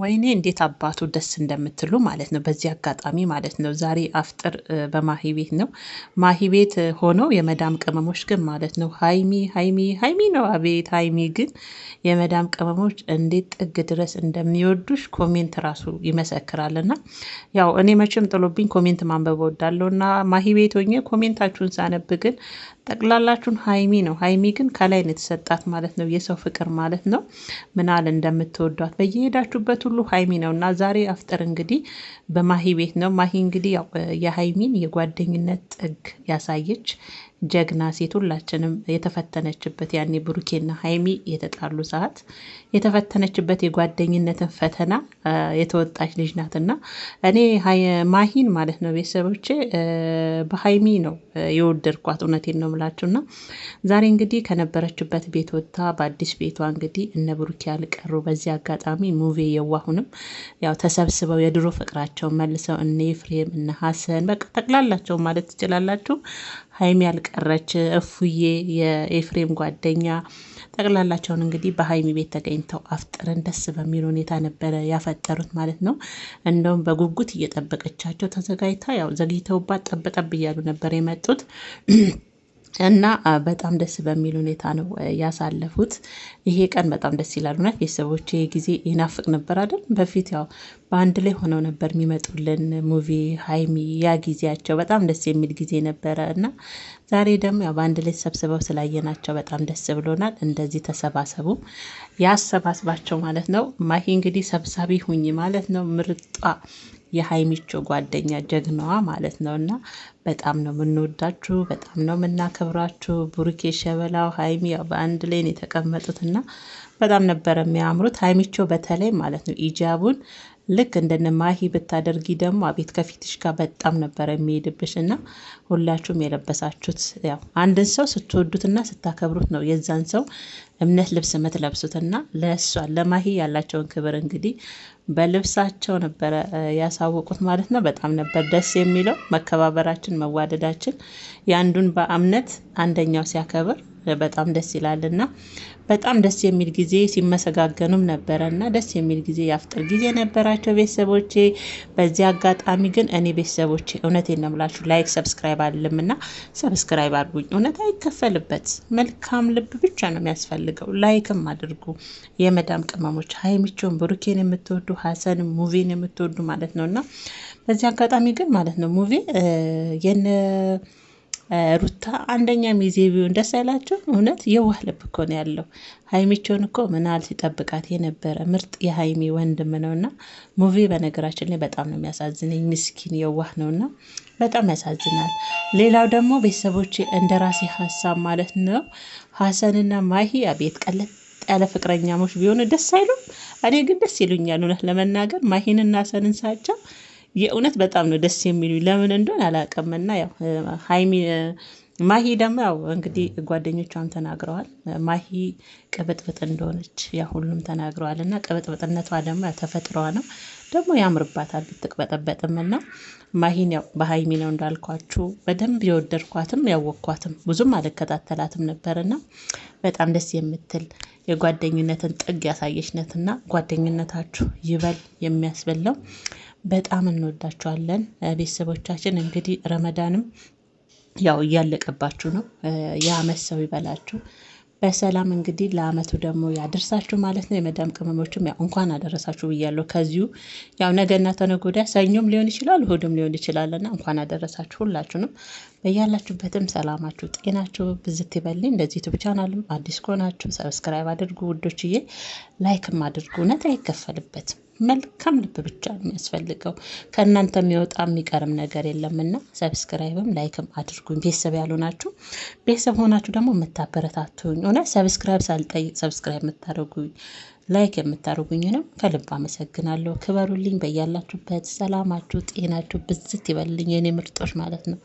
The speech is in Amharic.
ወይኔ እንዴት አባቱ ደስ እንደምትሉ ማለት ነው። በዚህ አጋጣሚ ማለት ነው ዛሬ አፍጥር በማሂ ቤት ነው። ማሂ ቤት ሆነው የመዳም ቅመሞች ግን ማለት ነው ሀይሚ ሀይሚ ሀይሚ ነው። አቤት ሀይሚ ግን የመዳም ቅመሞች እንዴት ጥግ ድረስ እንደሚወዱሽ ኮሜንት ራሱ ይመሰክራልና ያው እኔ መቼም ጥሎብኝ ኮሜንት ማንበብ ወዳለሁ እና ማሂ ቤት ሆኜ ኮሜንታችሁን ሳነብ ግን ጠቅላላችሁን ሀይሚ ነው። ሀይሚ ግን ከላይ ነው የተሰጣት ማለት ነው። የሰው ፍቅር ማለት ነው ምናል እንደምትወዷት በየሄዳችሁበት ያለበት ሁሉ ሀይሚ ነው እና ዛሬ አፍጠር እንግዲህ በማሂ ቤት ነው። ማሂ እንግዲህ የሀይሚን የጓደኝነት ጥግ ያሳየች ጀግና ሴት ሁላችንም የተፈተነችበት ያኔ ብሩኬና ሀይሚ የተጣሉ ሰዓት የተፈተነችበት የጓደኝነትን ፈተና የተወጣች ልጅ ናት እና እኔ ማሂን ማለት ነው ቤተሰቦቼ በሀይሚ ነው የወደድኳት። እውነቴን ነው የምላችሁ እና ዛሬ እንግዲህ ከነበረችበት ቤት ወጥታ በአዲስ ቤቷ እንግዲህ እነ ብሩኬ ያልቀሩ በዚህ አጋጣሚ ሙቪ የዋሁንም ያው ተሰብስበው የድሮ ፍቅራቸውን መልሰው እነ ኤፍሬም እነ ሀሰን በቃ ጠቅላላቸው ማለት ትችላላችሁ ሀይሚ ያልቀ ቀረች፣ እፉዬ፣ የኤፍሬም ጓደኛ ጠቅላላቸውን እንግዲህ በሀይሚ ቤት ተገኝተው አፍጥረን ደስ በሚል ሁኔታ ነበረ ያፈጠሩት ማለት ነው። እንደውም በጉጉት እየጠበቀቻቸው ተዘጋጅታ ያው ዘግይተውባት ጠበጠብ እያሉ ነበር የመጡት። እና በጣም ደስ በሚል ሁኔታ ነው ያሳለፉት። ይሄ ቀን በጣም ደስ ይላል። እውነት ይሄ ጊዜ ይናፍቅ ነበር አይደል? በፊት ያው በአንድ ላይ ሆነው ነበር የሚመጡልን ሙቪ፣ ሀይሚ ያ ጊዜያቸው በጣም ደስ የሚል ጊዜ ነበረ እና ዛሬ ደግሞ ያው በአንድ ላይ ተሰብስበው ስላየናቸው በጣም ደስ ብሎናል። እንደዚህ ተሰባሰቡ ያሰባስባቸው ማለት ነው። ማሂ እንግዲህ ሰብሳቢ ሁኝ ማለት ነው ምርጧ የሀይሚቾ ጓደኛ ጀግናዋ ማለት ነው። እና በጣም ነው የምንወዳችሁ፣ በጣም ነው የምናከብራችሁ። ቡሩኬ ሸበላው፣ ሀይሚ በአንድ ላይ ነው የተቀመጡት እና በጣም ነበረ የሚያምሩት። ሀይሚቾ በተለይ ማለት ነው ኢጃቡን ልክ እንደነ ማሂ ብታደርጊ ደግሞ አቤት ከፊትሽ ጋር በጣም ነበረ የሚሄድብሽ። እና ሁላችሁም የለበሳችሁት ያው አንድን ሰው ስትወዱትና ስታከብሩት ነው የዛን ሰው እምነት ልብስ የምትለብሱትና ለእሷ ለማሂ ያላቸውን ክብር እንግዲህ በልብሳቸው ነበረ ያሳወቁት ማለት ነው። በጣም ነበር ደስ የሚለው መከባበራችን፣ መዋደዳችን የአንዱን በእምነት አንደኛው ሲያከብር በጣም ደስ ይላል እና በጣም ደስ የሚል ጊዜ ሲመሰጋገኑም ነበረ እና ደስ የሚል ጊዜ የአፍጥር ጊዜ ነበራቸው ቤተሰቦቼ። በዚህ አጋጣሚ ግን እኔ ቤተሰቦቼ እውነት ነው ላይክ ሰብስክራይብ አልልም እና ሰብስክራይብ አድርጉኝ። እውነት አይከፈልበት፣ መልካም ልብ ብቻ ነው የሚያስፈልገው። ላይክም አድርጉ። የመዳም ቅመሞች ሀይሚቾን ብሩኬን የምትወዱ ሀሰን ሙቪን የምትወዱ ማለት ነው እና በዚህ አጋጣሚ ግን ማለት ነው ሙቪ የነ ሩታ አንደኛ ሚዜ ቢሆን ደስ አይላቸው? እውነት የዋህ ልብ እኮ ነው ያለው። ሀይሚቸውን እኮ ምናል ሲጠብቃት የነበረ ምርጥ የሀይሚ ወንድም ነው ነውና፣ ሙቪ በነገራችን ላይ በጣም ነው የሚያሳዝነኝ። ምስኪን የዋህ ነው ነውና በጣም ያሳዝናል። ሌላው ደግሞ ቤተሰቦች እንደ ራሴ ሀሳብ ማለት ነው ሀሰንና ማሂ አቤት ቀለል ያለ ፍቅረኛሞች ቢሆኑ ደስ አይሉም? እኔ ግን ደስ ይሉኛል እውነት ለመናገር ማሂንና ሀሰንን ሳቸው የእውነት በጣም ነው ደስ የሚሉ ለምን እንደሆን አላውቅምና ያው ሀይሚ ማሂ ደግሞ ያው እንግዲህ ጓደኞቿም ተናግረዋል። ማሂ ቅብጥብጥ እንደሆነች ያ ሁሉም ተናግረዋል እና ቅብጥብጥነቷ ደግሞ ተፈጥሯዋ ነው ደግሞ ያምርባታል ብትቅበጠበጥም እና ማሂን ያው በሀይሚ ነው እንዳልኳችሁ በደንብ የወደድኳትም ያወቅኳትም ብዙም አልከታተላትም ነበርና በጣም ደስ የምትል የጓደኝነትን ጥግ ያሳየችነትና ጓደኝነታችሁ ይበል የሚያስበላው በጣም እንወዳቸዋለን ቤተሰቦቻችን። እንግዲህ ረመዳንም ያው እያለቀባችሁ ነው። የአመት ሰው ይበላችሁ በሰላም እንግዲህ ለአመቱ ደግሞ ያደርሳችሁ ማለት ነው። የመዳም ቅመሞችም ያው እንኳን አደረሳችሁ ብያለሁ። ከዚሁ ያው ነገና ተነገ ወዲያ ሰኞም ሊሆን ይችላል እሑድም ሊሆን ይችላል እና እንኳን አደረሳችሁ ሁላችሁንም። በያላችሁበትም ሰላማችሁ ጤናችሁ ብዝት ይበልኝ። እንደዚህ ዩቱብ ቻናልም አዲስ ከሆናችሁ ሰብስክራይብ አድርጉ ውዶችዬ፣ ላይክም አድርጉ። እውነት አይከፈልበትም። መልካም ልብ ብቻ ነው የሚያስፈልገው። ከእናንተ የሚወጣ የሚቀርም ነገር የለምና ሰብስክራይብም ላይክም አድርጉኝ። ቤተሰብ ያልሆናችሁ ቤተሰብ ሆናችሁ ደግሞ የምታበረታቱኝ ሆነ ሰብስክራይብ ሳልጠይቅ ሰብስክራይብ የምታደርጉኝ ላይክ የምታደርጉኝንም ከልብ አመሰግናለሁ። ክበሩልኝ። በያላችሁበት ሰላማችሁ ጤናችሁ ብዝት ይበልኝ የኔ ምርጦች ማለት ነው።